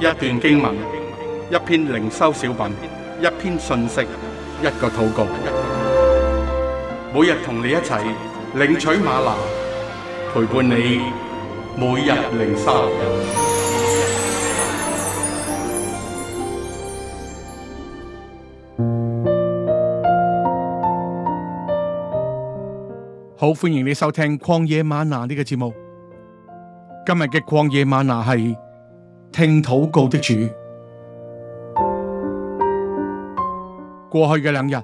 一段經文，一篇靈修小品，一篇信息，一個禱告。每日同你一齊領取嗎哪，陪伴你每日靈修。好歡迎你收聽《曠野嗎哪》呢個節目。今日嘅曠野嗎哪係。聽禱告的主，過去嘅兩日，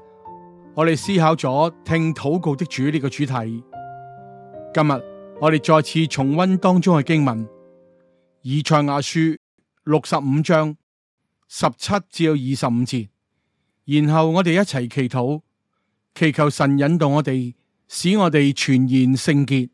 我哋思考咗聽禱告的主呢個主題。今日我哋再次重温當中嘅經文，以賽亞書六十五章十七至到二十五節，然後我哋一齊祈禱，祈求神引導我哋，使我哋全然聖潔。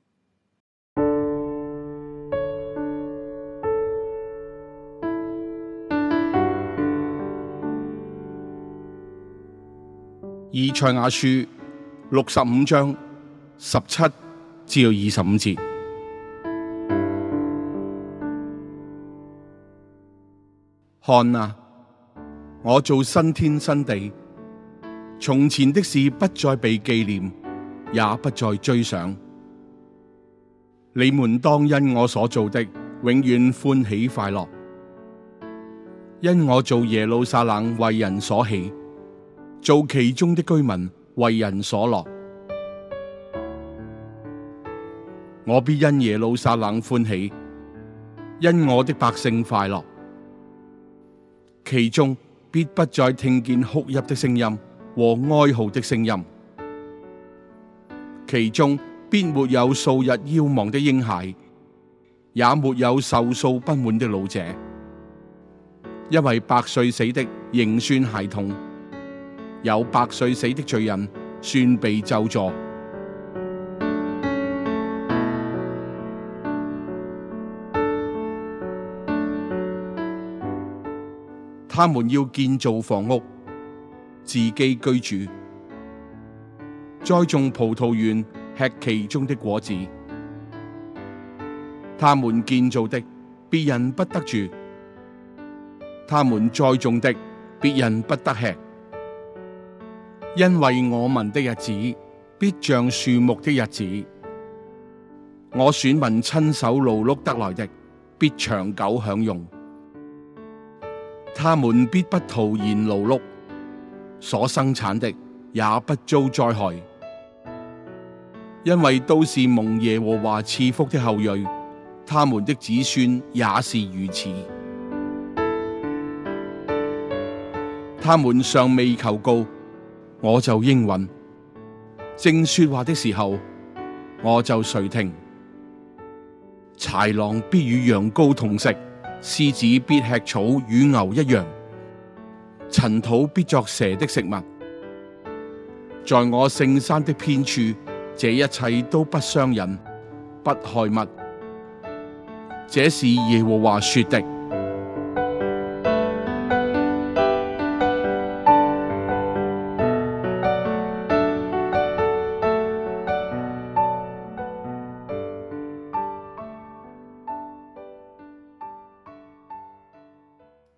以賽亞書六十五章十七至二十五節。看啊，我造新天新地，從前的事不再被紀念，也不再追想。你們當因我所造的永遠歡喜快樂，因我造耶路撒冷為人所喜。做其中的居民，為人所樂，我必因耶路撒冷歡喜，因我的百姓快樂。其中必不再聽見哭泣的聲音和哀號的聲音，其中必沒有數日夭亡的嬰孩，也沒有壽數不滿的老者，因為百歲死的仍算孩童。有百歲死的罪人，算被咒詛。他們要建造房屋，自己居住；栽種葡萄園，吃其中的果子。他們建造的，別人不得住；他們栽種的，別人不得吃。因為我們的日子必像樹木的日子，我選民親手勞碌得來的，必長久享用。他們必不徒然勞碌，所生產的也不遭災害，因為都是蒙耶和華賜福的後裔，他們的子孫也是如此。他們尚未求告。我就應允，正說話的時候，我就垂聽。豺狼必與羊羔同食，獅子必吃草與牛一樣，塵土必作蛇的食物。在我聖山的遍處，這一切都不傷人，不害物。這是耶和華說的。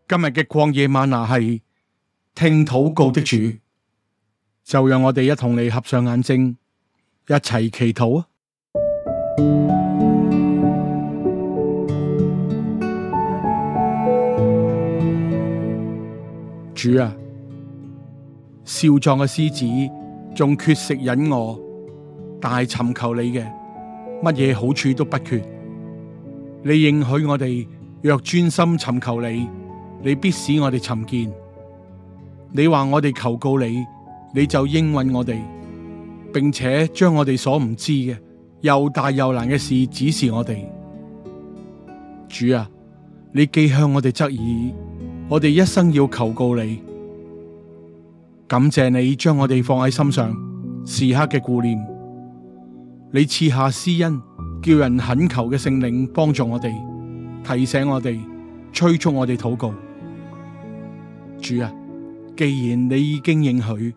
今日嘅曠野嗎哪，係聽禱告的主，主就讓我哋一同你合上眼睛，一齊祈禱啊！主啊，少壯嘅獅子仲缺食忍餓，但係尋求你嘅乜嘢好處都不缺。你應許我哋，若專心尋求你。你必使我哋尋見。你話我哋求告你，你就應允我哋，並且將我哋所唔知嘅又大又難嘅事指示我哋。主啊，你既向我哋側耳，我哋一生要求告你。感謝你將我哋放喺心上，時刻嘅顧念。你賜下施恩，叫人懇求嘅聖靈幫助我哋，提醒我哋，催促我哋禱告。主啊，既然你已經應許，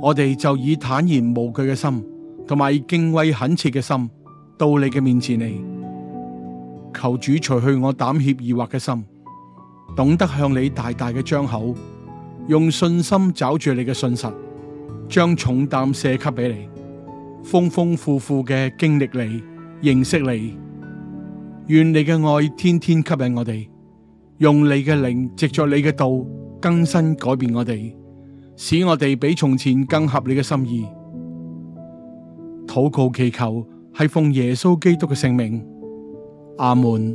我哋就以坦然無懼嘅心，同埋敬畏懇切嘅心到你嘅面前嚟，求主除去我膽怯疑惑嘅心，懂得向你大大嘅張口，用信心抓住你嘅信實，將重擔卸給俾你，豐豐富富嘅經歷你，認識你，願你嘅愛天天吸引我哋，用你嘅靈藉着你嘅道。更新改變我哋，使我哋比從前更合你嘅心意。禱告祈求係奉耶穌基督嘅聖名，阿門。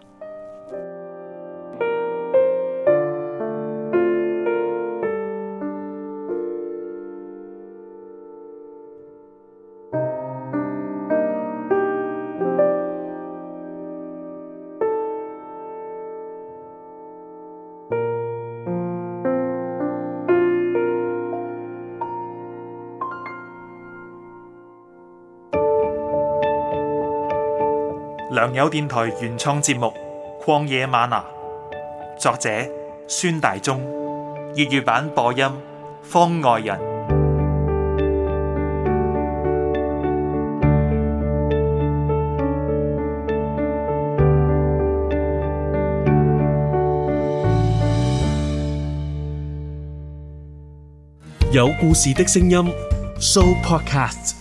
良友電台原創節目《曠野嗎哪》，作者孫大中，粵語版播音方外人。有故事的聲音，Show Podcast。